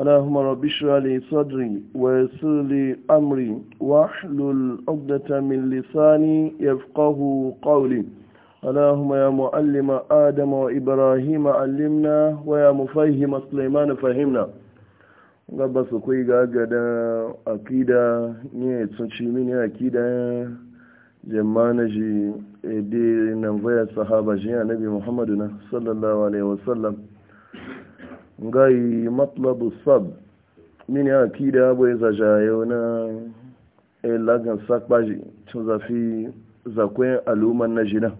اللهم رب اشرح لي صدري ويسر لي امري واحلل عقدة من لساني يفقه قولي اللهم يا معلم ادم وابراهيم علمنا ويا akida ne mini akida jama'a da nan sahaba ji annabi muhammadu gai matlabu sab mini akida abu ya yau, na ilagan sakbaji tun zafi zakwai aluman na jina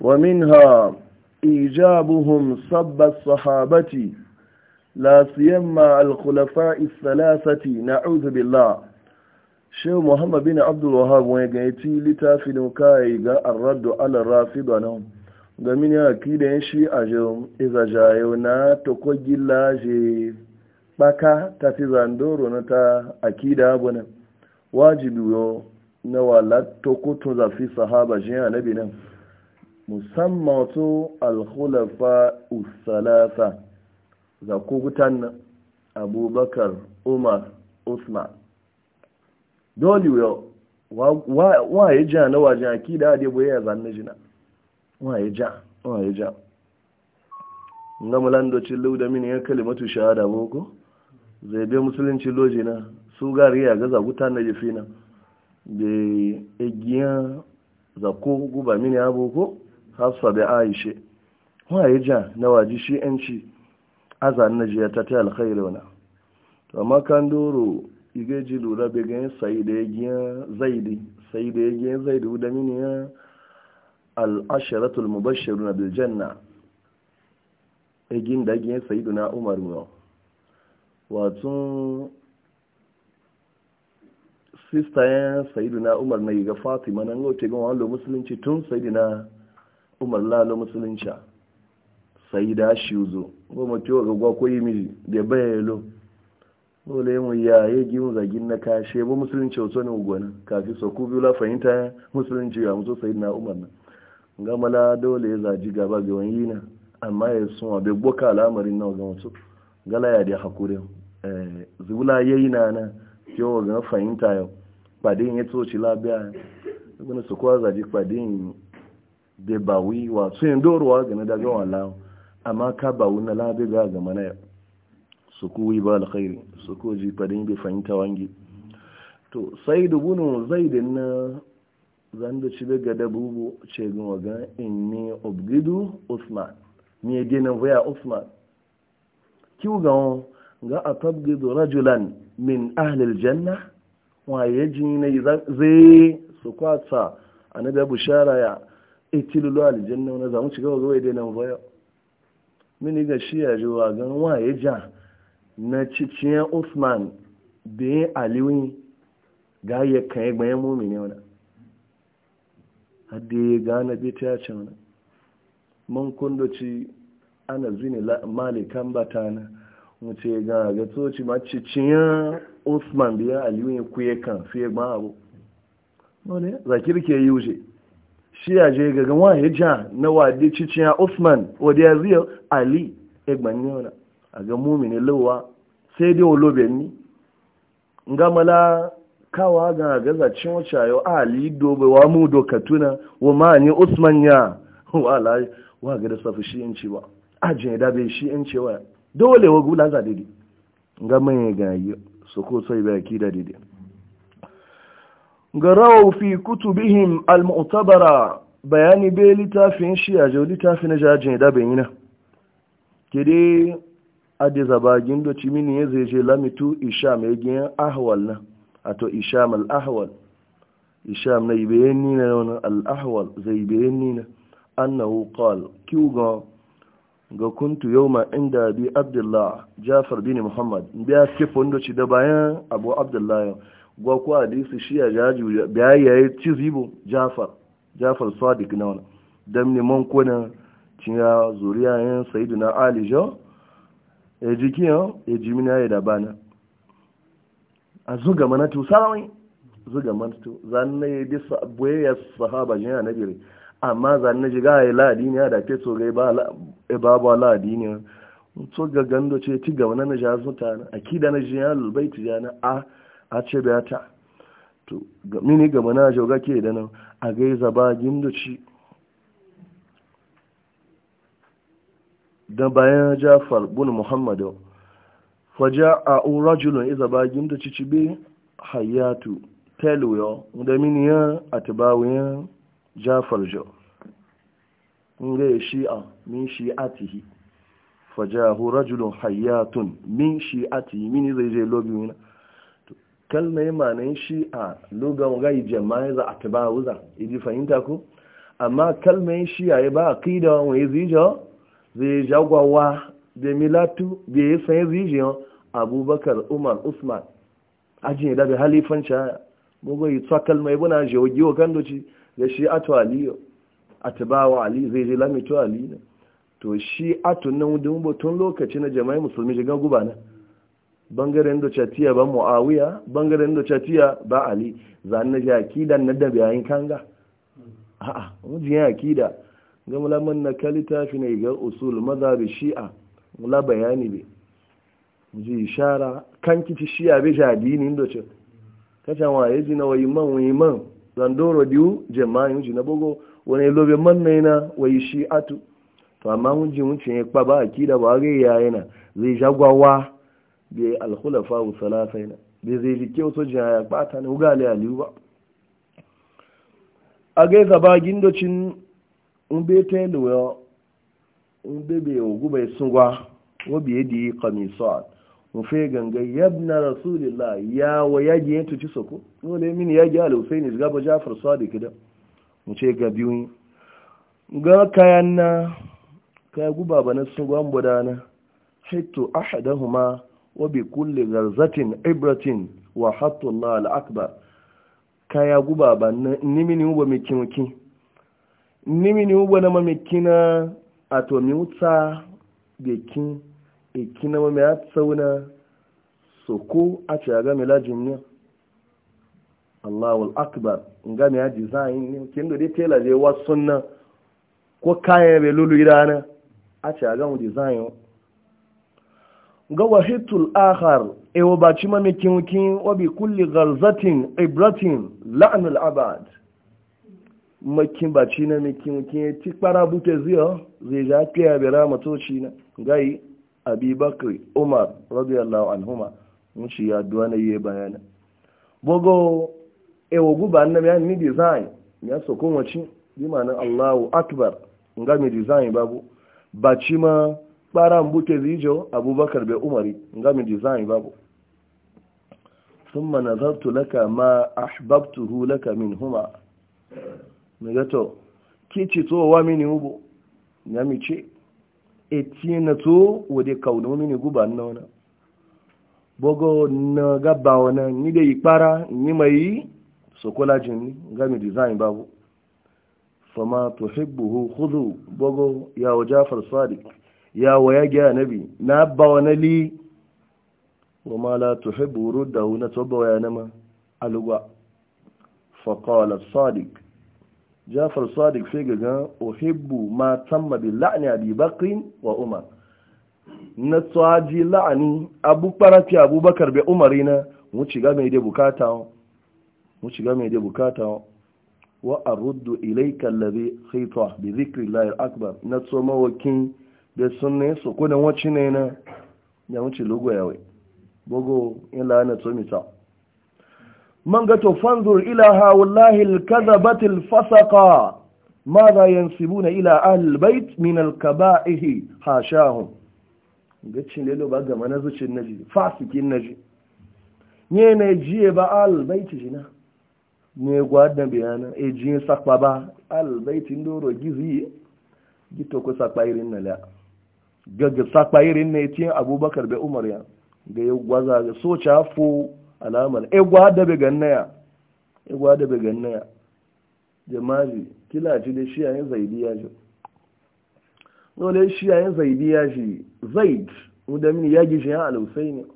wa min minha ijabuhum sabba sahabati la siyan al-khulafa isalasati na uzubillah shehu muhammad bin abdullawar wani gaiti littafin kayi ga arraddu ala ba nan game ne da yin shi a jom izajayo na tokogila je baka ta fi zandoro na ta akida abunan wajibi yau na wala tokotun zafi sahaba jin nabi nan musamman wato alkhulafa usalasa za kogutan abubakar umar usman dole yau wa ya jina na wajen akida a boye ya zanne jina waye ja waye ja ngamalan docin lau da mini ya kalimatu shahada boko zai bai musulunci loji na su gari ya gaza guta na jefi na da za zako guba mini ya boko hasfa da aishe waye ja na waji shi yanci azan na jiya ta ta alkhairu na to amma kan doro igeji lura bai gani sai da egiya zaidi sai da egiya zaidi da mini ya al'asharatul mubashiru na biljanna egin da gin sayidu na umar mu wato sista ya sayidu na umar na yi ga fatima nan gauce gan wani musulunci tun sayidu na umar lalo musulunci sayida shi zo goma ciwo ga gwakwai miji da bayalo dole mu ya yi gin zagin na kashe ba musulunci wato ne ugwana kafin so ku biyu la fahimta musulunci ya mutu sayidu na umar nan gama la dole ya zaji gaba ga wani yi na amma ya sun abin boka al'amarin na ga wasu gala ya da hakuri eh, zula ya yi na na wa ga fahimta yau kwadin ya toci labiya ibn su kuwa zaji kwadin da bawi wa su yin dorowa ga daga wa wala amma ka bawu na labi ga na yau su kuwi ba alkhairi su ko ji kwadin bai fahimta wangi to sai dubunin zaidin na da ci be gada bubu ce wagan in inni obgidu usman mi dina waya usman kiu ga on ga atabgidu rajulan min ahlil janna wa yaji ne zai su kwata da bushara ya itilulu aljanna na zamu ci ga waya dina waya mini ga shi ya ji waga wa ja na cikin usman bin aliwin ga ya kan egbe ne wani hadde gane bita ya ce wani man kundoci ana zini malikan batana wuce ga ga tsoci maciciyar osman biya aliyu ya kuye kan fiye ma abu wani zakir ke yi wuce shi ya je ga gama hijja na wadi ciciya osman wadda ziyo ali egban yana a ga mumini lawa sai dai olobe ni ngamala kawa ga gaza cin wuce yau a wa mu doka tuna wa ma usman ya wa la wa ga da safi shi yanci ba a je da bai shi yanci wa dole wa gula za dide ga mai ga yi su ko sai ba ki da dide ga rawu fi kutubihim al-mu'tabara bayani bai littafin shi a jau littafi na jajin da bai yana ke dai adi zabagin doci mini ya zai je lamitu isha mai giyan ahwal nan ato isham al-ahwal isham na ibeyen nina wani al-ahwal zai ibeyen nina annahu qal kiwga ga kuntu yawma inda bi abdullah jafar bin muhammad biya kifon da ci da bayan abu abdullah gwa ko hadisi shi ya jaju biya yayi cizibo jafar jafar sadiq na wani dan ne man kona cinya zuriya yan sayyidina ali jo e jikiyo e jimina ya da bana a zuga mana tu sarawai zuga mana tu zanne da boyayya sahaba jin annabi re amma zanne jiga ya ladi ne da ke so gai ba ba ba ladi ne ga gando ce ti ga wannan ja zuta na akida na jiyal bait ja na a a ce ba ta to ga mini ga mana joga ke da nan a gai ba gindo ci da bayan Jafar bin Muhammadu faja a urajulun iza bagin da cicibe hayatu teluyo da miniya a tabawiyan jafar jo nga shi'a min shi'atihi fajahu rajulun hayatun min shi'atihi min zai je lobi wina kalmai shi a lugan gai jama'a za a wuza, idi fahimta ku? amma kalmai a yi ba aqida wa wani jo zai jagwawa da milatu da ya sanya zijiyar abubakar umar usman ajin da bi halifan caya mugu yi tsakal mai buna jewa giwa kan da shi ato aliyu a tabawa ali zai je lamito aliyu to shi ato na wudin tun lokaci na jama'i musulmi shiga guba na bangaren da catiya ba mu'awiya bangaren da catiya ba ali zan na ji akida na da bayan kanga a'a mujin akida ga mulamman na kalita fi ne ga usul mazhabi shi'a mula bayani be ji ishara kan kici shi abe jadi ni ndo ce kacha wa yaji na wayi man wayi man zandoro diu jama'i ji na bogo wani lobe man na ina wayi shi atu to amma mun ji mun ce kpa ba akida ba ga yana zai jagwawa bi al-khulafa wa salasaina bi zai ji kyau so jaya ba ta ne ugale aliyu ba a gaisa ba gindocin in bai ta yi in bebe wa guba sungwa wa biye di qamisat mu fe ganga yabna rasulillah ya wa yaji yantu ci soko wala mini yaji al husaini ga ba jafar sadiq da mu ce ga biyu ga kayan na kaya guba ba na sungwa mbodana hitu ahadahuma wa bi kulle garzatin ibratin wa hattu Allah al-akbar kaya guba ba ni mini uba mikinoki ni mini uba na mamikina a to mi wuta bekin ikin e na mamaye ya tsauna soko a ce a game lajin ne Allahu akbar game ya design ne kin da dai tela je wasu nan ko kayan bai lulu irana a ce a game design ga wahitul akhar ewa ba ci mamikin wabi kulli garzatin ibratin la'anul abad makin baci na makin ya ti kpara bute ziyo zai ja kiya bi ramatoci na gai abubakar umar radiyallahu anhuma mun shi ya duwa na yi bayana bogo ewo guba na ya ni design ya so kun wace bi ma'anar allahu akbar nga mi design babu baci ma kpara buke zijo abubakar bai umari nga mi design babu ثم نظرت لك ما أحببته لك منهما miga to kici to wa mini ubo ya mi ce eti na to wode kauna mini guba na wana bogo na gaba wana ni da ikpara ni mai sokola jini ga mi design babu fama tuhibbuhu hudu bogo ya wa jafar ya wa ya nabi na ba wana li wa ma la tuhibbu ruddahu na to ba wa ya nama alugwa faqala sadiq jafar sadiq sai ga gan ohibbu ma tamma bi la'ni abi bakrin wa umar na tsaji la'ani abu Abu abubakar bai umar na mu shiga mai dai bukata mu shiga mai dai bukata wa aruddu ilayka alladhi khita bi dhikri llahi akbar na so mawakin da sunne su kodan wacce ne na ya wuce lugo yawe bogo ila na tsomi ta. man ga to fanzur ila hawlahi alkadhabati alfasaqa madha yansibuna ila ahli albayt min alkaba'ihi hashahum gacin lelo ba ga mana zucin naji fasikin naji ne ne jiye ba albayt jina ne gwadan bayana e jiye sakpa ba albayt ndoro gizi gito ko sakpa irin na la gaga sakpa irin ne tin abubakar be umar ya ga ya gwaza ga socha fo alamar egwa da be gannaya egwa da be gannaya jama'i kila ji da shi zaidi ya ji dole shi zaidi ya ji zaid wanda mini ya gishi ya al-husaini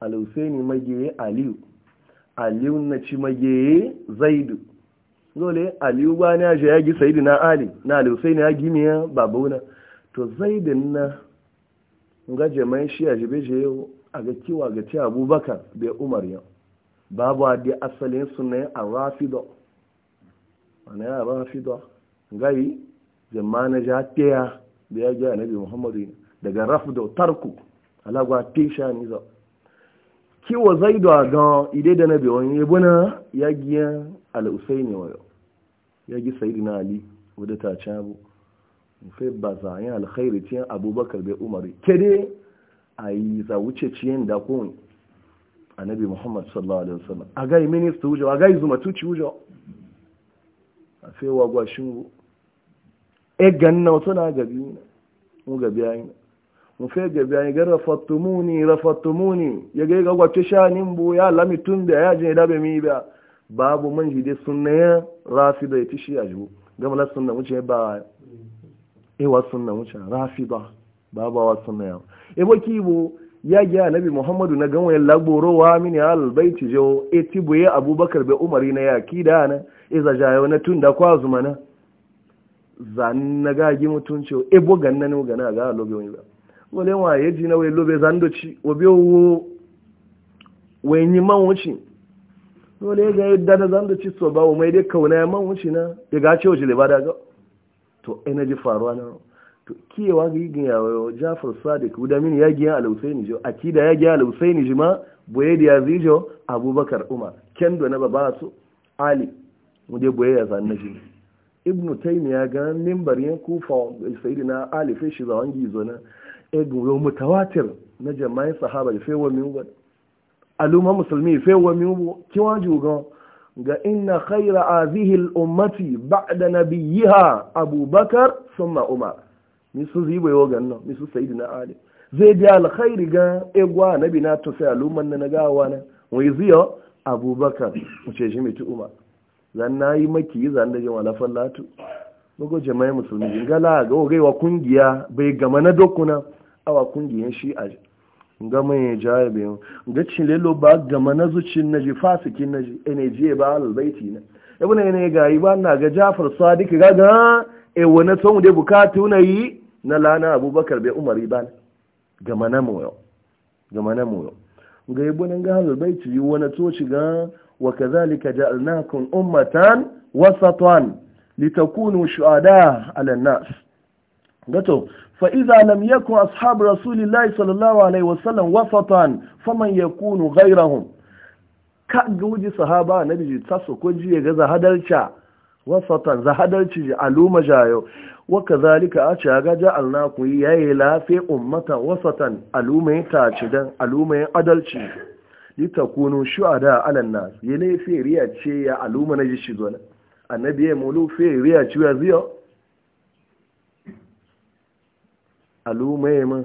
al-husaini magiye aliyu aliyu na ci magiye zaidu dole aliyu ba ne aje ya ji sayidu na ali na al-husaini ya gi miya babuna to zaidin na ga jama'i shi ya jibe je yau a ga kiwa ga ce abubakar bai umar yau babu a da asalin sunayen a rafido wani ya rafido gai zamana ja teya da ya gaya nabi muhammadu daga rafido tarku alagwa tesha ni zo kiwa zai a ga ide da nabi wani ya buna ya giya al'usai ne wayo ya gi sayidu na ali wadda ta cabu fai ba za yi alkhairi cikin abubakar bai umar kede a yi za wuce ciyen da kun nabi muhammad sallallahu alaihi wasallam a gai minista wujo a gai zuma tuci wujo a fewa gwashin wu e ganna wasu na gabi ne mu gabi ayi ne mu fe gabi ayi ga rafattumuni rafattumuni ya ga ga gwace shanin bu ya lami tun da ya je da be mi ba babu man dai sunna ya da ya tishi a ju gama la sunna wuce ba ewa sunna wuce rafi ba. babawa wa sama ya ebo kibo ya gi bi muhammadu na gan wayan lagboro wa mini albaiti baiti jo etibo ya abubakar be umari na ya ki da na iza jayo na tunda kwazu mana zan na gagi mutunci ebo ganna ne gana ga lobe wani ba wale wa ji na wayan lobe zan doci biyo wo wai man wuci wale ga yadda da zan doci so ba mai dai kauna man wuci na ya ga wa jile ba da ga to ina ji faruwa na to kiyewa ga yigin yawo jafar sadiq guda mini ya giya al-husaini jo akida ya giya al-husaini jima boye da jo abubakar umar kendo na baba su ali je boye ya zanna shi ibnu taymiya ga nimbar yan kufa sayyidina ali fe shi zawan gizo na egun mutawatir na jama'in sahaba da fewa min wa aluma musulmi fe wa min kiwa jugan ga inna khayra azihi al-ummati ba'da nabiyha abubakar thumma umar Ni su zibe ga ganna Ni su sayidu na ali zai biya alkhairi ga egwa na bi na to sai aluman na gawa na wai ziyo abubakar mu ce shi mai umar zan na yi maki zan da jin wala latu mugo jama'i musulmi jingala ga gaiwa kungiya bai gama na dokuna awa kungiyan shi a ga mai jaye bayan ga cilelo ba gama na zucin naji fasikin naji energy ba albaiti na ibn ne ga yi ba na ga Jafar Sadiq ga ga e wani son da bukatu na yi na lana abubakar bai umari ba ga mana moyo ga mana moyo ga yi bunan ga halal bai ciyi wani to shiga wa kazalika ja'alnakum ummatan wasatan litakunu shuada ala nas gato fa idza lam yakun ashab rasulillahi sallallahu alaihi wasallam wasatan faman yakunu ghayrahum ka ga wuji sahaba na biji taso ko ji ga zahadarca wasatan zahadarci ji aluma jayo waka zalika a caga ja'alna ya yi lafi ummata wasatan alumai tacidan alumai adalci litakunu shuhada ala nas yene fi riya ce ya aluma na jishi zuwa annabi ya mulu fi riya ce ya ziyo aluma ya ma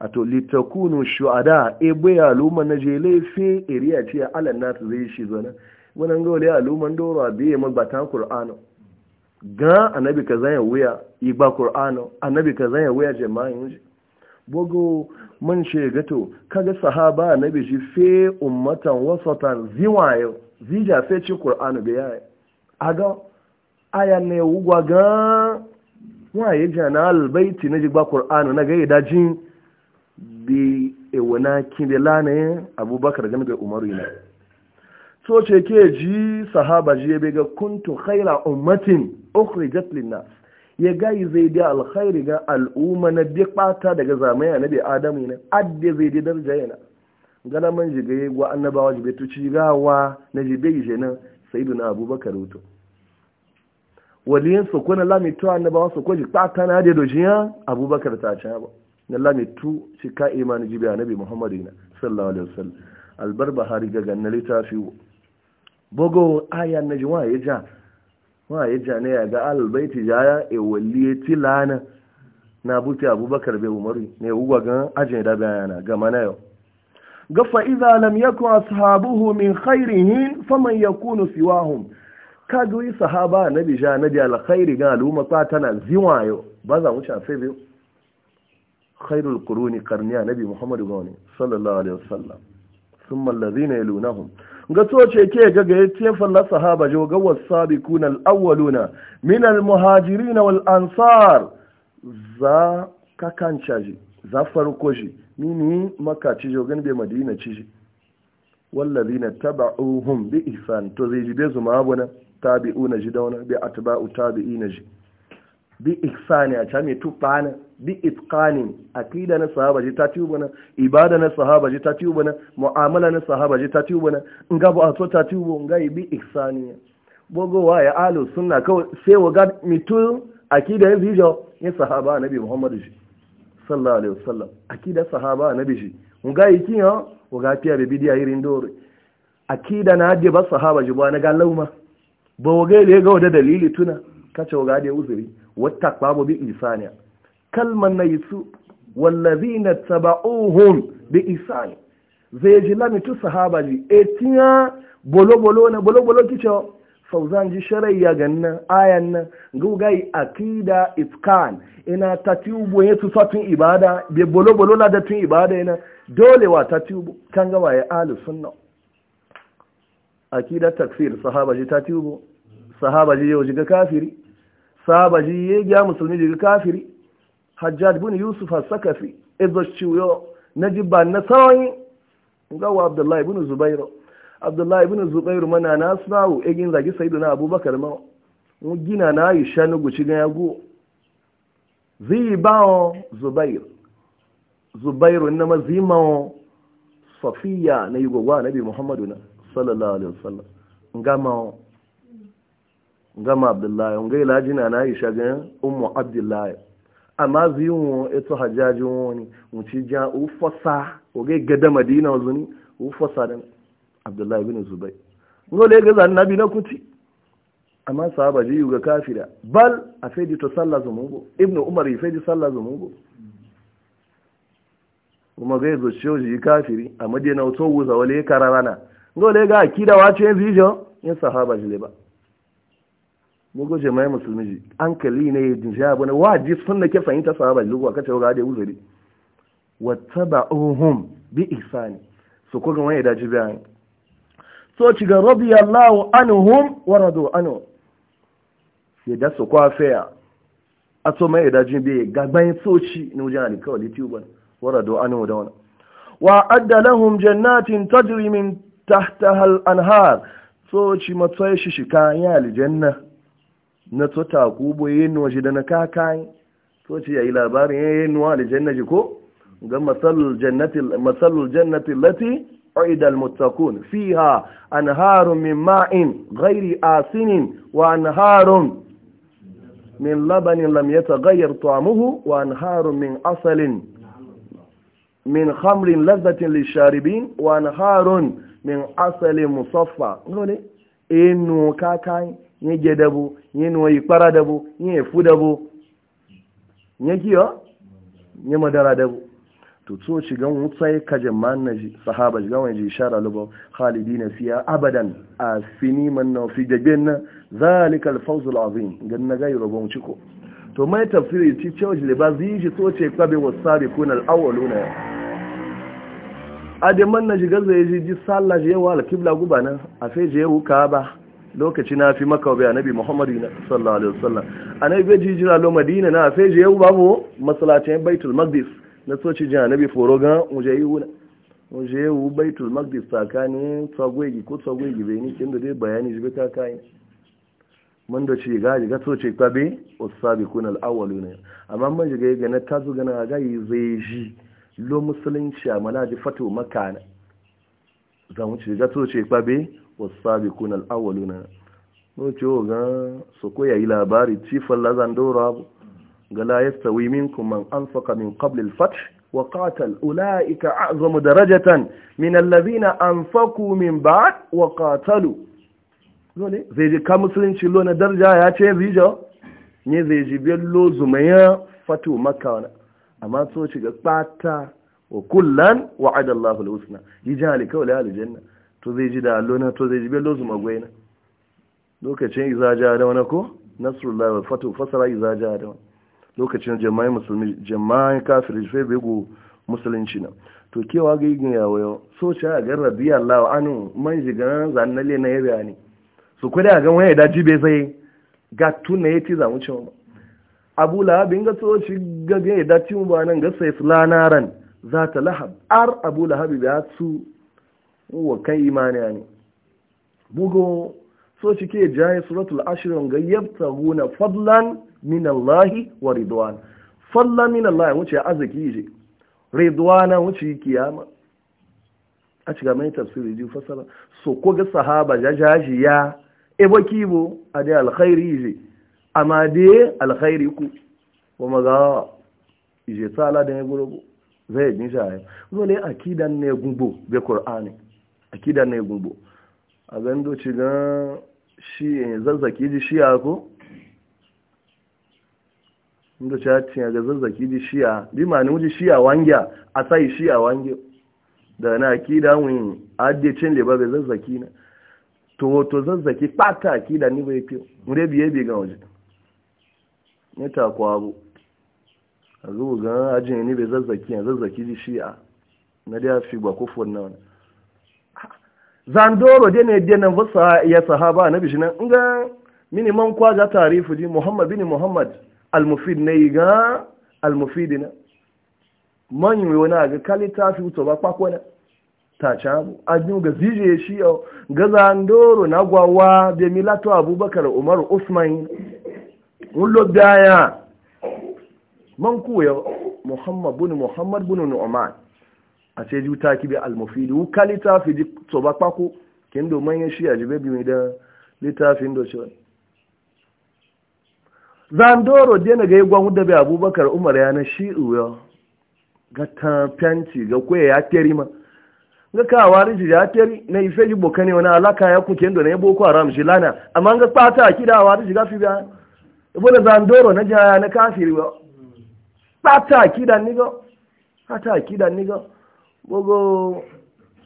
ato litakunu shuhada ebe ya aluma na jele fi riya ce ya ala nas zai shi zuwa wannan gole aluman doro abiye ma batan qur'ano ga anabi ka zanya wuya igba qur'ano Anabi ka zanya wuya jama'in wuce bogo mun ce gato kaga sahaba anabi shi fe ummatan wasatan ziwayo zija fe ci qur'ano be yayi aga aya ne ugwa ga waye jana albayti na jigba qur'ano na ga idajin bi ewana kin be lana abubakar ga be umaru ina so ce ke ji sahaba ji ya bega kuntu khaira ummatin ukhrijat linnas ya gai zai da alkhairi ga al'umma na bi kwata daga zamani annabi adamu ne adde zai da daraja gana man jiga wa annabawa jibe tuci gawa na jibe je nan na abubakar uto waliyin su kuna lamitu annabawa su kwaji kwata na da dojiya abubakar ta ci ba na tu shi ka imani jibe annabi muhammadu sallallahu alaihi wasallam albar bahari ga ganna fiwo. bogo aya na ji waye ja waye ja ne ya ga albaiti ja ya e walliye tilana na buti abubakar bai umaru ne uwa ga ajin da bayana ga mana yau ga fa idza lam yakun ashabuhu min khairihin faman yakunu siwahum ka doyi sahaba nabi ja nabi alkhairi ga al'umma ta tana yo ba za mu ci afe biyu khairul quruni qarniya nabi muhammadu gawani sallallahu alaihi wasallam thumma alladhina yalunahum ga ce ke ga ga yace la sahaba jo ga wasabiqun alawwaluna min almuhajirin wal ansar za kan caji za farko ji mini maka ci jo gan be madina ci ji wallazina taba'uhum bi ihsan to zai ji be zuma abuna tabi'una ji dauna bi atba'u tabi'ina ji bi ihsani a cami tufana bi itqanin aqida na sahaba ji ta tiyo bana ibada na sahaba ji ta tiyo bana mu'amala na sahaba ji ta tiyo bana nga ba to ta tiyo nga bi ihsani bogo wa ya alu sunna ko sai waga mitu akida ya bijo ya sahaba nabi muhammadu shi sallallahu alaihi wasallam akida sahaba nabi shi nga yi waga wa ga tiya be bidiya irin dore akida na je ba sahaba ji ba na ga lauma ba wa ga ile wada dalili tuna kace waga dia uzuri wata bi isani kalman na yisu wallazi na taba'uhum bi isani zai ji lamitu sahaba ji etiya bolo-bolo na bolo-bolo kicho fauzan ji sharayya ganna ayan na gugai akida itkan ina tatiubu ya tusa tun ibada bi bolo-bolo na da tun ibada ina dole wa tatiubu kan gawa ya alu sunna akida takfir sahaba ji tatiubu sahaba ji yau ji ga kafiri saba ji ya gya musulmi daga kafiri hajjad bin yusuf sakafi izo ciwo na jibba na sauyi gawa abdullahi bin zubairu abdullahi bin zubairu mana na sawu egin zagi saidu na abubakar ma gina na yi shanu guci ga yago zai bawo zubairu zubairu na mazimawo safiya na yi gwagwa nabi muhammadu na sallallahu alaihi wasallam gamawo gama abdullahi ga ila jina na isha ga ummu abdullahi amma ziwo eto hajjaji woni muci ja ufasa oge gada madina zuni ufasa da abdullahi ibn zubai ngole ga zan nabi na kuti amma sahaba ji yuga kafira bal a fedi to sallah zumugo ibnu umar ya fedi sallah zumugo kuma ga yazo ciyo ji kafiri a madina to wuza wale kararana le ga akida wace zijo in sahaba ji le ba mugo jama'i musulmi ji an kalli ne ya dinja abu waji sunna ke fahimta sahaba lugu aka cewa ga da uzuri wattaba'uhum bi ihsani so ko ga wani da ji bayan so ci ga radiyallahu anhum wa radu anhu ya da su kwa faya a so mai da ji bayan gagbayin soci ne wajen alikawali tuban wa radu anhu da wani wa adda lahum jannatin tajri min tahtaha al-anhar so ci matsayi shi kan ya aljanna na to ta kubo yin waje da na kakai to ce yayi labarin yin wa aljanna ji ko ga masalul jannati masalul jannati lati uida almuttaqun fiha anharun min ma'in ghairi asinin wa anharun min labanin lam yataghayyar ta'muhu wa anharun min asalin min khamrin ladhatin lisharibin wa anharun min asalin musaffa ngone inu kakai nye je dabo nye nuwa ikpara dabo nye efu dabo nye kiyo nye madara dabo to so shigan wutsai kaje manna sahaba gan wani ji shara lubo khalidi na siya abadan a fini manna fi gagen na zalika alfawz alazim gan na gayi rabon ciko to mai tafsiri ci cewa le ba zai shi so ce kwabe wasabi kun A ade manna shigan na ji sallah je wa guba gubana a fe je wuka ba lokaci na fi maka bai annabi muhammadu sallallahu alaihi wasallam annabi bai jijira lo madina na sai je yau babu masalacin baitul maqdis na soci jin annabi foro ga muje yi wuna baitul maqdis takani tsagwegi ko tsagwegi bai ni kin da dai bayani jibe ta kai mun da ci ga ga soci ka be usabiqun alawwaluna amma mun jiga ga na tazu ga na ga yi zai ji lo musulunci amana ji fatu makana zan wuce ga soci ka wasabiqun al-awwaluna no ciwo ga su koya yayi labari cifar lazan dora abu ga layasta yastawi minkum man anfaqa min qabl al-fath wa qatal ulaika a'zamu darajatan min alladhina anfaqu min ba'd wa qatalu zole zai ji ka musulunci lo na daraja ya ce zijo ne zai ji bello zumaya fatu makka amma so shiga ga kpata wa kullan wa'ada Allahu al-husna yijali kawla al-janna to zai ji da allona to zai ji bello zuma na. lokacin izaja da wani ko nasrullah wa fatu fasara izaja da wani lokacin jama'in musulmi jama'in kafir fe bego musulunci na to kewa ga igin yawo yau so a ga biya allah anu man jiga zanale na yabe ani su a gan wani da bai sai ga ya ci zamu cewa abu lahabin ga so ci ga ga da mu ba nan ga sai fulanaran za ta lahab ar abu lahabi ba su wa kan imani ne bugo so cike jaye suratul ashirin ga guna fadlan min Allah wa ridwan fadlan min Allah wuce arziki ji ridwana wuce kiyama a cika mai tafsiri ji fasara so ko ga sahaba jajaji ya ebo kibo ade alkhairi ji amma de alkhairi ku wa maza je tsala da ne gurubu zai ji jaye zo ne akidan ne gumbo be qur'ani akida na gumbo a gando ci gan shi zazzaki ji shiya ko inda ci hacci ga zazzaki ji shiya bi ma ni shiya wangya a sai shiya wangya da na akida wani adecin cin ba ga zazzaki na to to zazzaki pata akida ni bai fi mure biye bi ga waje ne ta kwabo a zuwa ga ajin ni bai zazzaki ya zazzaki ji shiya na da fi ba na wani zandoro dai ne dai wasa ya sahaba na bishinan in ga miniman ga tarifu ji muhammad bin muhammad al-mufid ne ga al-mufid na man yi wani ga kalita fi wuto ba kwakwana ta cabu ajin ga zije shi yau ga zandoro na gwawa da milato abubakar umar usman wullo daya man kuwa muhammad bin muhammad bin nu'man a ce ji ta kibe almufidu ka littafi ji tsoba kpako kin do manyan shi a jibe biyu da littafin da shi zandoro dai na ga yi gwanu da bai abubakar umar ya na shi uwa ga ta fenti ga kwaya ya teri ma ga wari ji ya teri na ife ji boka ne wani alaka ya kuke ndo na ya boko haram shi lana amma ga kpata a kida wari ji gafi biya ibo da zandoro na jaya na kafiri ba kpata a kida ni ga kpata a kida ni ga gbogbo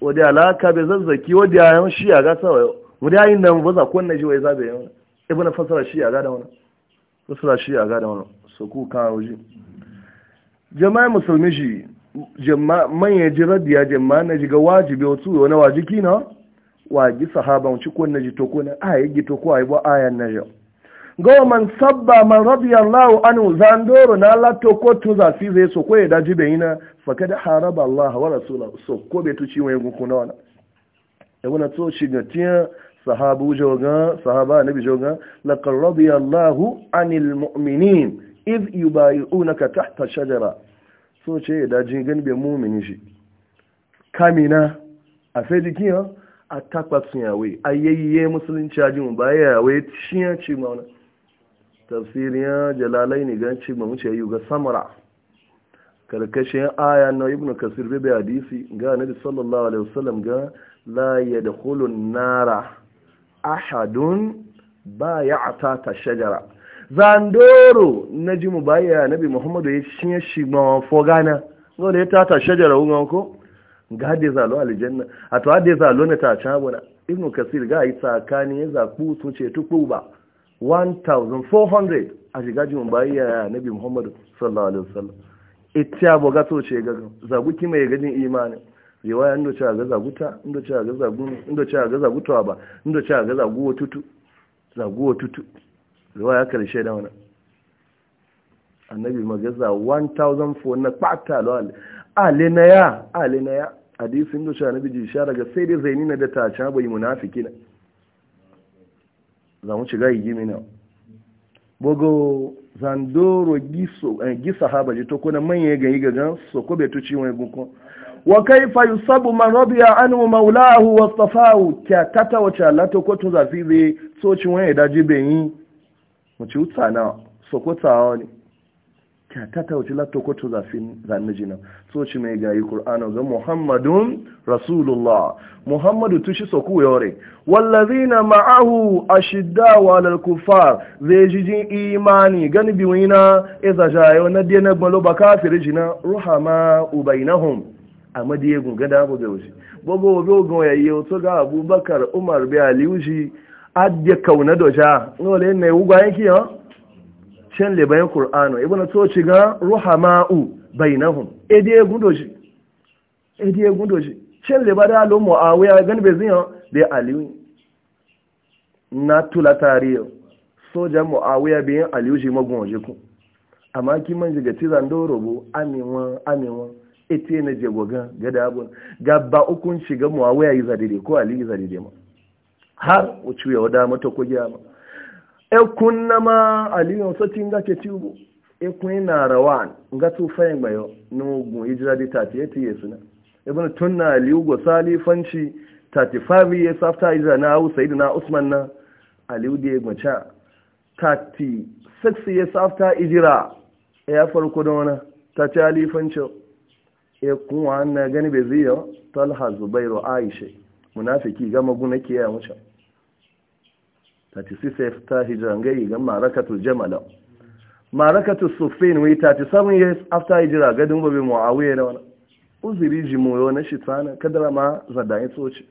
wadda alaka bai zazzaki wadda yawon shi a gasa wa wadda yayin nan ba za ku wannan jiwa ya zabe yau ibu na fasara shi a gada wani fasara shi a gada wani su ku kan wuji jama'a musulmi shi manya ji radiya jama'a na ji ga wajibi wasu na wajiki na wagi sahaban ci ko na ji to ko na a yi gito ko a yi ba ayan na yau go man sabba man radiyallahu anhu zandoro na lato ko tuza si zai so ko da jibe ina fakad haraba Allah wa rasulahu so ko be tuci wai gun kuna wana e wana to shi ga tiya sahabu joga sahaba nabi joga laqad radiyallahu anil mu'minin id yubayi'unaka tahta shajara so ce da jingin be mu'mini shi kamina a sai dikin a takwa sun yawe ayyayi musulunci ajin ba shi tiyan ci mauna tafsirin ya jalalai ne gan ci mamu ce yi ga samara karkashin aya na ibn kasir bebe hadisi ga nabi sallallahu alaihi wasallam ga la yadkhulun nara ahadun ba ya ta shajara zandoro na ji mu baya nabi muhammadu ya shi shi ma fogana ngole ta ta shajara unga ko ga de zalo aljanna a to de zalo na ta chabona ibn kasir ga yi tsakani ya zaku sun ce tukuba 1400 a shiga jin bayya nabi muhammad sallallahu alaihi wasallam ita bo gato ce ga zaguki mai gajin imani riwaya ndo cha ga zaguta ndo cha ga zagu ndo cha ga zagutwa ba ndo cha ga zaguwa tutu zaguwa tutu riwaya karshe da wannan annabi magaza 1400 na kwata lawal ale na ya ale na ya hadisi ndo cha annabi ji shara ga sai dai zainina da ta cha bai munafiki na za mu shiga yi gimina bogo zandoro eh, gisa haba jito kuna manye ga yi gagan so ko betu ci wani gunkun wa kaifa yusabu man rabiya anhu maulahu wa safahu kya kata wace alato ko tun zafi zai so ci wani daji bai yi mu ci wuta na so ko tsawa ne ta ta wuce latto ko to zafin nan so ci mai gayi qur'ana ga muhammadun rasulullah muhammadu tushi soku yore wallazina ma'ahu ashidda wa kuffar zai ji imani gani biwina iza jayo na na gbalo ba kafiri jina ruhama ubainahum amadi yegun gada abu ga wuce gbogbo obi ya yi ga abubakar umar bi aliuji adde kauna doja ngole ne ugwa yanki ha can le bayan qur'ano ibn toci ga ruhama'u bainahum edi egundoji edi egundoji can le bada lo muawiya gan bezin le aliyu na tula tariyo soja muawiya bin aliyu ji magun oje ku amma kin man ga tizan do robo amiwa amiwa eti na je gogan ga da abun gaba ukun shiga muawiya yi zadide ko aliyu zadide ma har uciya wada mata ko gyama ekun na ma aliyu sati nga ke tubu ekun na rawan nga tu fayin bayo nugun hijira di 38 years na ibn tunna aliyu go salifanci 35 years after ijira na hau sayyidina usman na aliyu da ya gmacha 36 years after ijira e ya farko da wani ta ci alifanci ekun wa na gani bai ziyo talha zubairu aisha munafiki gama guna kiyaye mucin 36 ta hijira ngai ga marakatul jamala marakatul sufin wi 37 years after hijira ga dun babe muawiya na wani uziri jimoyo na shitana kadara ma zadani tsoci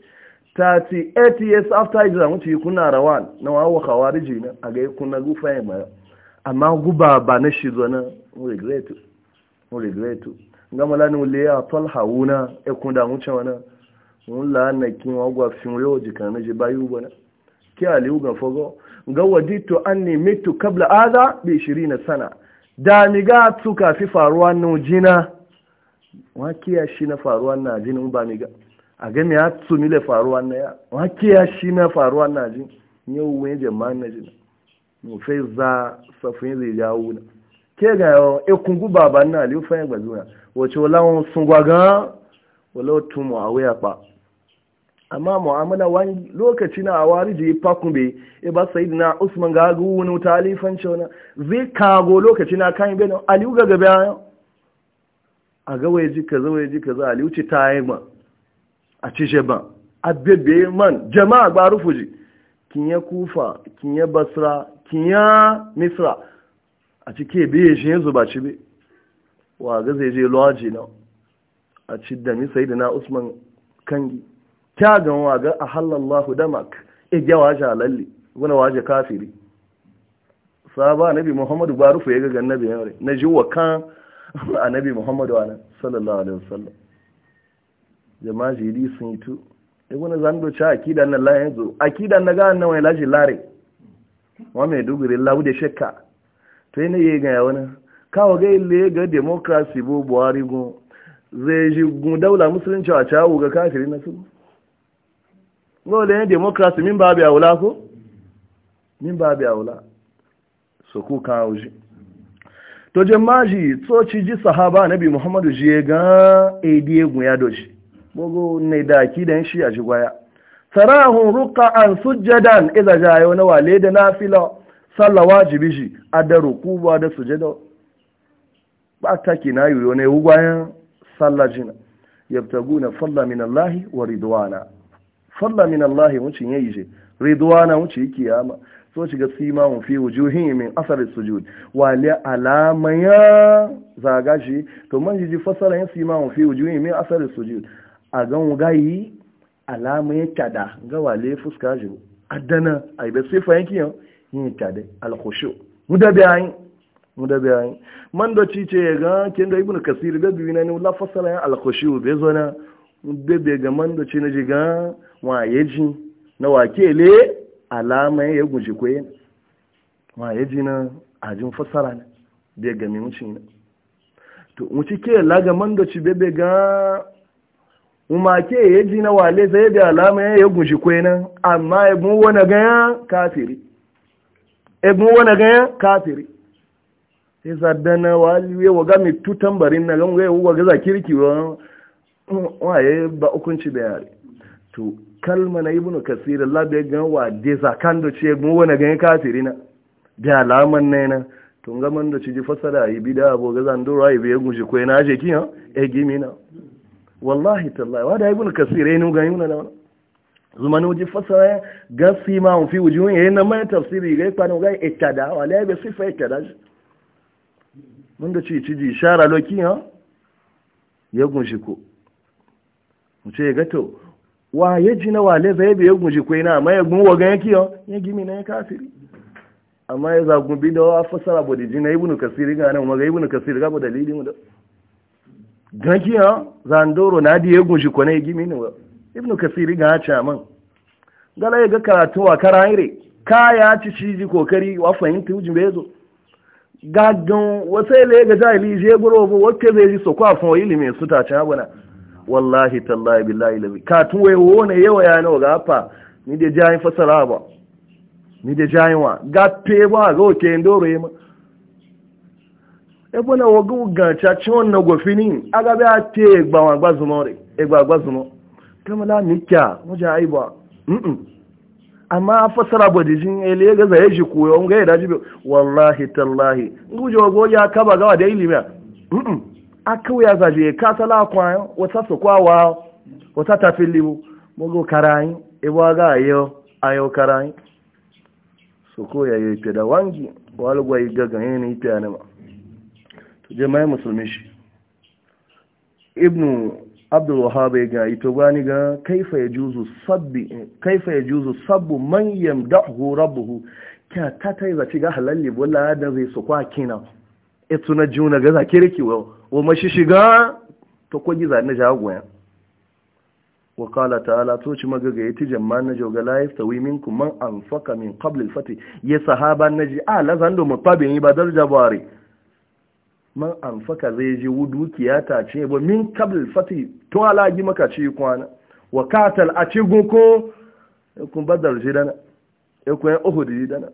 38 years after hijira mutu yi kuna rawa na wawa khawariji na a ga kuna gufa yin mara amma guba ba na shi zo na regret gama ngama lanu ya talha wuna e kunda mu cewa na la na kin wagwa fin yo jikana je bayu bana ki aliyu ga fogo ga wajito anni mitu kabla adha bi na sana da ga tuka fi faruwa nu jina wa kiya shi na faruwa na jina ba mi ga a ga ya tsumi le faruwa na ya wa kiya shi na faruwa na jin yau wen jama'a na jina mu fe za safin zai ya wuna ke ga yo e kungu baba na aliyu fa ya gbazuna wace wala sun gwaga wala tumu awe pa amma mu'amala wani lokaci na awariji pakube e ba sai na usman ga gunu talifan cewa zai kago lokaci na kan beno Aliyu, ga gaba a ga waye ji kaza waye ji kaza aliu ci tayi ma a ci sheba abebe man jama'a ba rufuji kinya kufa kinya basra kinya misra a ke biye shi yanzu ba ci bi wa ga zai je lodge na a ci da mi sai na usman kangi ta ganwa ga a halallahu damak e ya waje halalli wani waje kafiri sahaba nabi muhammadu ba rufe ya gagan nabi yare na ji wa kan a nabi muhammadu wa nan sallallahu alaihi wasallam jama'a jiri sun yi tu ibn e zando cha akida nan la yanzu akida na ga nan wai laji lare wa mai dugure lawu da shekka to na yi ga wani kawo ga ile ga democracy bo buhari go zai ji gun daula musulunci a cawo ga kafiri na su ngole ne democracy min babu ya wula ko min babu ya wula so ku ka uji to jamaji to ci ji sahaba nabi muhammadu je ga ediye ya doji bogo ne da ki dan shi a jigwaya sarahun ruqa'an sujadan idza e jayo na wale da nafila sallah wajibi shi a da rukuba da sujada ba ta ki na yoyo ne ugwayan sallah jina yabtaguna falla min allahi wa ridwana fadla min Allah wuce ya yi je ridwana wuce yake kiyama. so shiga sima mun fi yi min asar sujud wali alama ya zaga shi to man jiji fasara yin sima mun fi wujuhin min asar sujud a gan gayi alama ya tada ga wale fuska ji adana ai be sifa yanki yin tada al khushu mudabi ayin mudabi ayin man do ci ce ga kin ga ibnu kasir da biwina ne la fasara yin al khushu be zona bebe ga man da ci na jiga waye ji na wake le alama ya guji kwaye waye ji na ajin fassara ne bai ga mai na to muci ke laga man da ci bebe ga ma ke ya ji na wale zai da alama e ya e guji kwaye nan amma ya gaya wani ganya kafiri gaya gun wani ganya kafiri sai zadana wali ya waga mai tutan barin na gan waya ga za kirki wa waye ba hukunci yare to kalma na ibnu kasir bai ga wa de zakando ce mu wani ga kafiri na da alaman ne na to ga man da ciji fasara yi bida abo ga zan dora yi be guji ko na je kiyan e gimi na wallahi tallahi wa da ibnu kasir ne ga yuna na zuma ne fasara ga ma un fi wujun yayin na mai tafsiri ga kwano ga wa la be sifa ittada mun da ci ciji shara lokin ya gunshi ko muce ga to wa ya ji na wale zai biya guji kwai na amma ya gun wa gan yake ya gimi na ya kafiri amma ya zagun bi da wa fasara bodi ji na ibnu kasiri ga nan maga ibnu kasiri ga dalili mu da gan zan doro na di ya guji na ya gimi ne ibnu kasiri ga ta man gala ya ga karatu wa karaire kaya ci ci ji kokari wa fahimta ujin bezo gaggan wasai le ga jahili je goro bo wakke zai ji sokwa fo ilimi su ta cha bana wallahi tallahi billahi lazi ka tuwe wone yawa ya nawa ga fa ni da jayin fasara ba ni da jayin wa ga pe ba ga oke ndoro yema e bona wo gu ga chon na gofini aga ba te gba wa gba zumo re e gba gba kama la nikya mo ja ai ba mm amma fasara ba dijin ele ga za ji koyo ga ya daji wallahi tallahi nguje go ya kaba ga da ilimi mm akau ya zaje ka sala kwa wata so kwa wa wata tafilibu mugo karai ebo ga ayo ayo karai so ko ya yi da wangi wal yi daga yin ne ma to je mai musulmi shi ibnu abdul wahhab ga ito gani ga kaifa yajuzu sabbi kaifa yajuzu sabbu man yamdahu rabbuhu ka ta tai zaci ga halalli bolla da zai so kwa kina etuna juna ga zakirki wa wa mashi shiga ta kogi zane jagoya wa kala ta'ala to ci magaga ya tijan ma na joga layif ta wimin kuma an faka min qablil fati ya sahaba na ji a ah, lazan da mutabin yi ba dar jabari man an faka zai ji wudu kiyata ce ba min qablil fati to ala gi maka ci kwana wa katal a ci gunko kun badar ji dana ya kuma ya uhud ji dana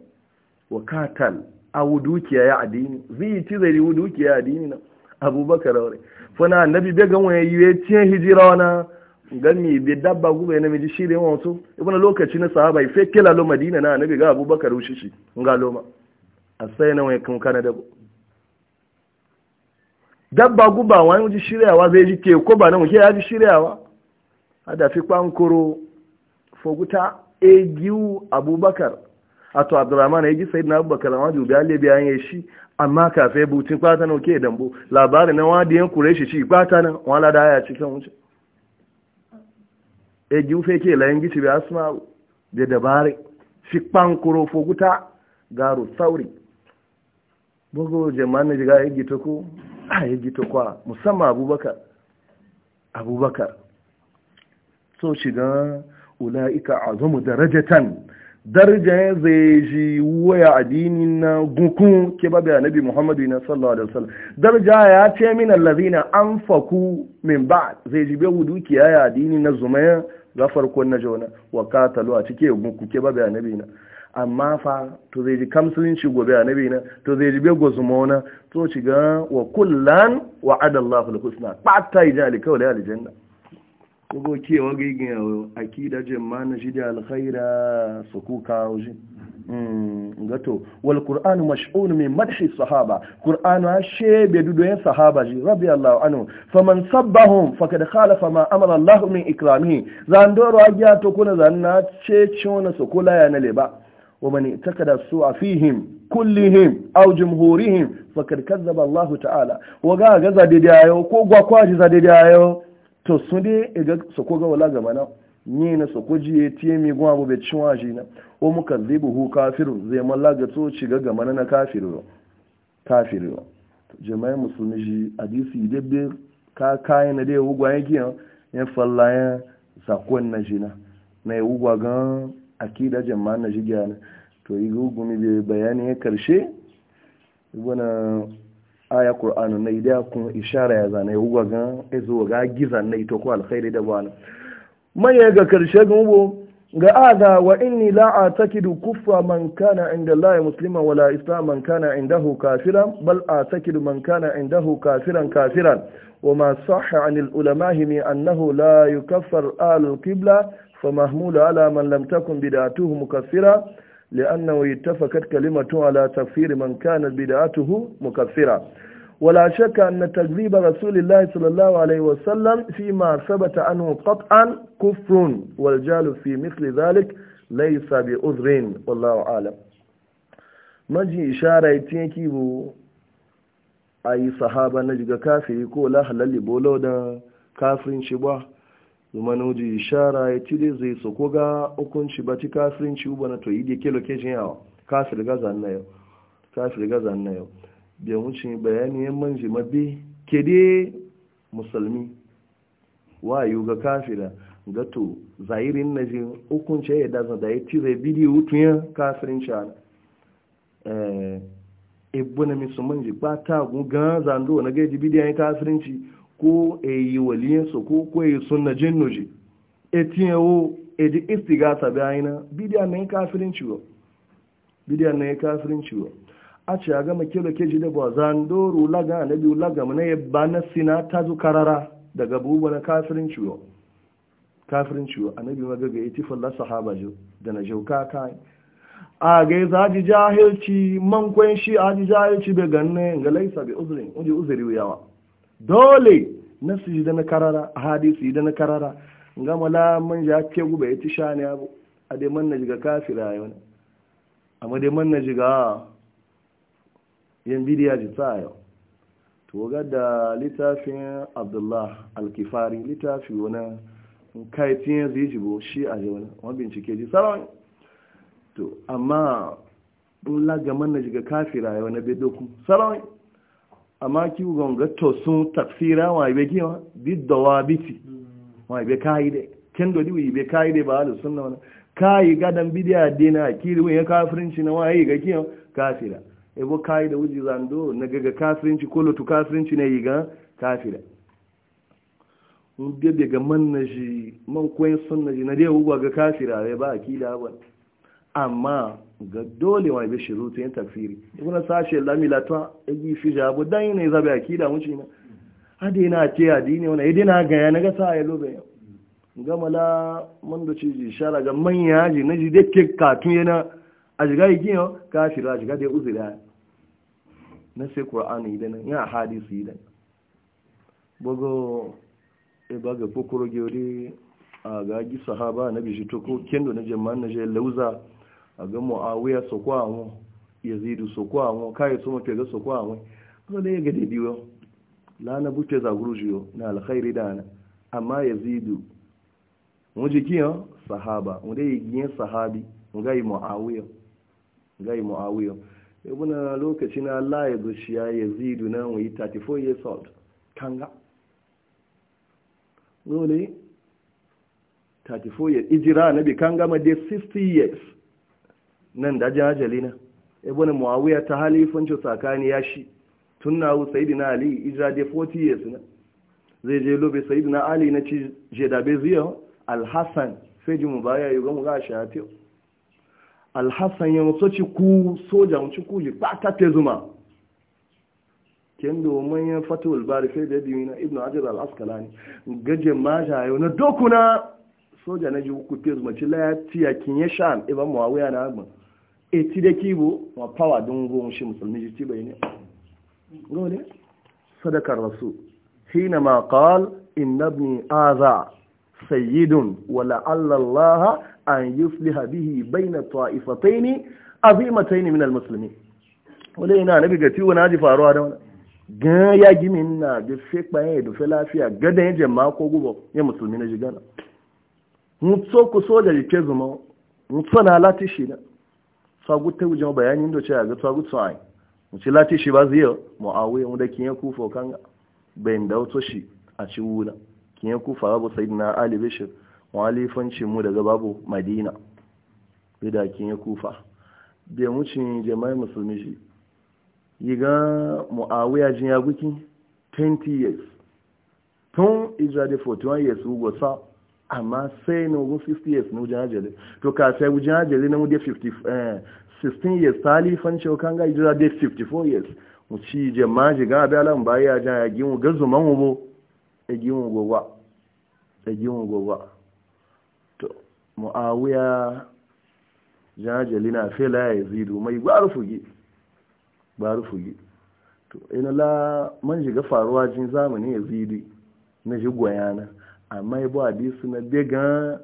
wa katal a wudu kiya ya adini zai ci zai wudu kiya adini na abubakar aure funa annabi bai gan wani yiwe tiyan hijira wana gan mi be dabba gube na miji shirin wato ibn lokaci na sahaba ife kila lo madina na annabi ga abubakar ushishi nga loma sai na wani kan kana dabo dabba guba wani ji shiryawa zai ji ke ko ba na mu ya ji shiryawa hada fi kwankuro foguta egiu abubakar ato abdurrahman ya ji sai na abubakar waju da alibi an yi shi amma kafe ya butin kwata na oke dambo labarin na wadi yan kure shi kwata na wala da ya cikin wuce e gi ufe ke layin gici bi asma da dabare fi kuro foguta garu sauri bugu jaman na jiga ya gita ko a ya gita kwa musamman abubakar abubakar so shiga ula'ika azumu darajatan daraja ya zai shi waya addini na gukun ke babu nabi muhammadu na sallawa da wasallam darajar ya ce min an faku min ba zai ji bai dukiya ya addini na zumaya ga farko na jona wa katalu a cike gukun ke babu nabi na amma fa to zai ji kamsulin shi gobe nabi na to zai ji gozuma to shiga wa kullan wa'ada Allahu al-husna ba ta yi jali kawai aljanna kogo kewa gigin yawo akida jemma na shi da alkhaira su kuka wuce hmm, gato wal qur'anu mash'un min madhi sahaba qur'anu shebe dudoyen sahaba ji Allah anu faman faka da khalafa ma amara Allah min ikramihi a agiya to kuna na ce chona su kula ya nale ba wa man takada su'a fihim kullihim aw jumhurihim faqad kazzaba Allah ta'ala wa ga gaza da ko gwa kwaji da to su dai ga sako ga wala gaba na ni na sako ji ya tiye mi gwa bu bai cin shi na o muka zibu hu kafiru zai malla ga to ci ga gama na kafiru kafiru jama'a musulmi ji hadisi dabbe ka kai na dai wugwa yake yan fallaya sakon na jina na yi wugwa ga akida jama'a na ji na to yi gumi bayani ya karshe wani aya qur'anu na da kun ishara ya zane wuga ga ezo ga gizan na ito ko alkhairi da bana ya ga karshe ga mu ga ada wa inni la atakidu kufra man kana inda Allah muslima wala islam man kana indahu kafiran bal atakidu man kana indahu kafiran kafiran وما صح عن mi annahu la yukaffar يكفر qibla fa فمحمول ala man lam takun bidatuhu mukaffira لأنه اتفقت كلمته على تكفير من كانت بدعته مكفرة ولا شك أن تكذيب رسول الله صلى الله عليه وسلم فيما ثبت عنه قطعا كفر والجال في مثل ذلك ليس بعذر والله أعلم ما جي ita kibo a yi sahaba na jiga kafiri ko la halalli bolo da kafirin manoji ishara ya cire zai so ko ga hukunci ba ci kafirin ci ubana to yi da ke lokacin yawa kafir gaza na yau kafir gaza na yau da wuce bayani yan manji mabi ke dai musulmi wayo ga kafira ga to zahirin na ji hukunci ya zan da ya ti zai bidi hutun ya kafirin ci ana na misu manji ba ta gugan zando na gaji bidiyan kafirin ci ko eyi waliyansu ko ko eyi sunna jinnuji etiyewo eji bi aina bidiyan na yi kafirin ciwo bidiyan na yi kafirin ciwo a ce a gama kilo keji da ba zan doro laga anabi laga mana ya ba na sina ta zu karara daga bubu na kafirin ciwo kafirin ciwo anabi magaga ya tifin la sahaba da na jauka kai a ga yi zaji jahilci man kwanshi shi a ji jahilci bai ganne ga laisa bai uzurin uje uzuri yawa dole na su yi da na karara a yi da na karara gama la man ja ke gube ya sha ne abu a dai man na jiga kafira yau ne amma dai man na jiga yan bidiya ji ta yau to ga da littafin abdullah alkifari littafi wani kai tiyan zai jibo shi a yau ne wani bincike ji ne. to amma in lagaman na jiga kafira yau na bedokun ne. amma ki gonga to sun tafsira wa ibe giwa bi dawabiti hmm. wa ibe kaide ken do diwi ibe kaide ba alu sunna wa kai gadan bidiya dina kiri wani kafirinci na yi ga kiyo kafira bo kaide wuji zando na ga kafirinci ko tu kafirinci ne ga kafira de de ga man na ji man koyin sunna ji na de wuga ga kafira ba akida ba amma ga dole wa bi shirutu yin tafsiri na sashe lamila ta yi fi jabu dan ne zabe kida wuce na hada na ce a dini wani idan na ganya na gasa sa ya lobe gama mun da ci ji shara ga manya ji na ji dake katu yana a jiga yi kiyo shiru a jiga da uzura na sai qur'ani idan ya hadisi idan bogo e baga fukuro gyori a ga gi sahaba na bishito ko kendo na jama'an na je lauza aga ga mu'awiya sokwa kwa mu yazidu su kwa mu kai su mace ga sokwa kwa mu to ne ga dai biyo la na buce za gurujiyo na alkhairi dana amma yazidu mu jikiyo sahaba mu dai yin sahabi mu ga mu'awiya ga mu'awiya ibuna lokaci na Allah ya gushiya yazidu na mu 34 years old kanga dole 34 years ijira na bi kanga ma dai 60 years nan da jajali na ibn muawiya ta halifanci tsakani ya shi tun na hu sayyidina ali ijra de 40 years na zai je lobe sayyidina ali na ci je da be ziyo Alhassan, sai ji mu baya yi gamu ga shafi al ya mutso ci ku soja mu ci ku li bata te zuma kendo manyan fatul bari sai da dimina ibnu hajar al-asqalani gaje ma yau na dokuna soja na ji ku te zuma ci la ya tiya kin ya sham ibn muawiya na agba eti da kibo ma fawa don goma shi musulmi ji ci ne gole sadakar rasu hina ma qal inna ibni aza sayyidun wa la'alla allaha an yusliha bihi baina ta'ifatayn ne minal musulmi wala yana nabi ga ciwo na ji faruwa da wani gan ya gimin na da fi kpaye da fi lafiya gadan yaje ma ko gubo ya musulmi na ji gana mutso ku soja jike zuma mutso na latishi na tsagut ta wujen bayanin da cewa a ga tsagut sun ai mace lati shi ba zai mu'awiyar wadda kiyan kufa kan bayan da wato shi a ci wula kiyan kufa babu sai na ali walifanci mu daga babu madina da kiyan kufa bai wucin jama'i musulmi shi yi ga mu'awiyar jin ya guki 20 years tun ijade 41 years ugo sa amma sai na ogun 60 years na wujen ajali to ka sai wujen ajali na wujen 16 years ta halifan cewa kan ga ijira dai 54 years mu ci jama ji ga abi alam ba ya jan yagi gin gazu man mu bo mu gogwa wuga mu gin wuga to mu'awiya jan ajali na fela ya zidu mai gwaru fugi gwaru fugi to ina la man shiga faruwa jin zamani ya zidi na shi gwayana amma ibu hadisi na bega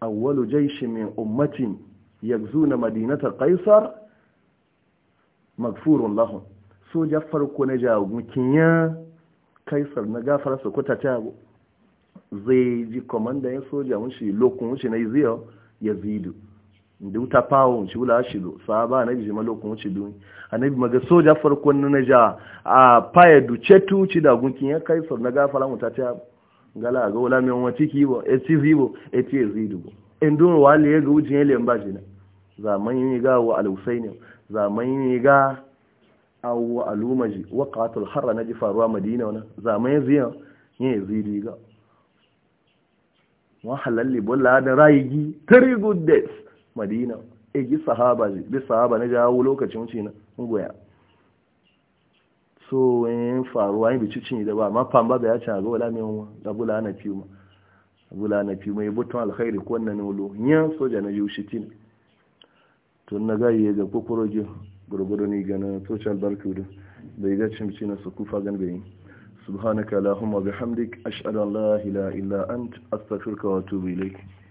awwalu jaishi min ummatin na madinata qaisar magfurun lahum soja farko na jagunkin ya kaisar na gafara su kuta ta abu zai ji komanda ya soja wunshi lokun wunshi na iziyo ya zidu da wuta pawo shi wula shigo sahaba na biji malokun wuce duni annabi maga soja farko na naja a faya duce tuci da gunkin ya kai sur na gafara mu ta ta gala ga wala mai wani ciki bo e ci zibo e ci e zidu bo in don wali ya ga wujin ya lemba jina zaman yi ga wa al-husaini zaman yi ga awu alumaji waqatul harra ji faruwa madina wannan zaman yaziya ne zidi ga wa halalli bolla da rayigi three good days madina egi sahaba bi sahaba na jawo lokacin wuce na ngoya so yin faruwa yin bicicin da ba amma famba da ya ci ga wala mai abula na fiye ma abula na fiye mai butun alkhairi ko wannan nolo yan soja na yiwu shi tin tun na gaye ga kokoro ji gurguru ni gana social barkudu da ya gaci mici na sukufa gan bayin subhanaka allahumma bihamdik ashhadu an la ilaha illa ant astaghfiruka wa atubu ilaik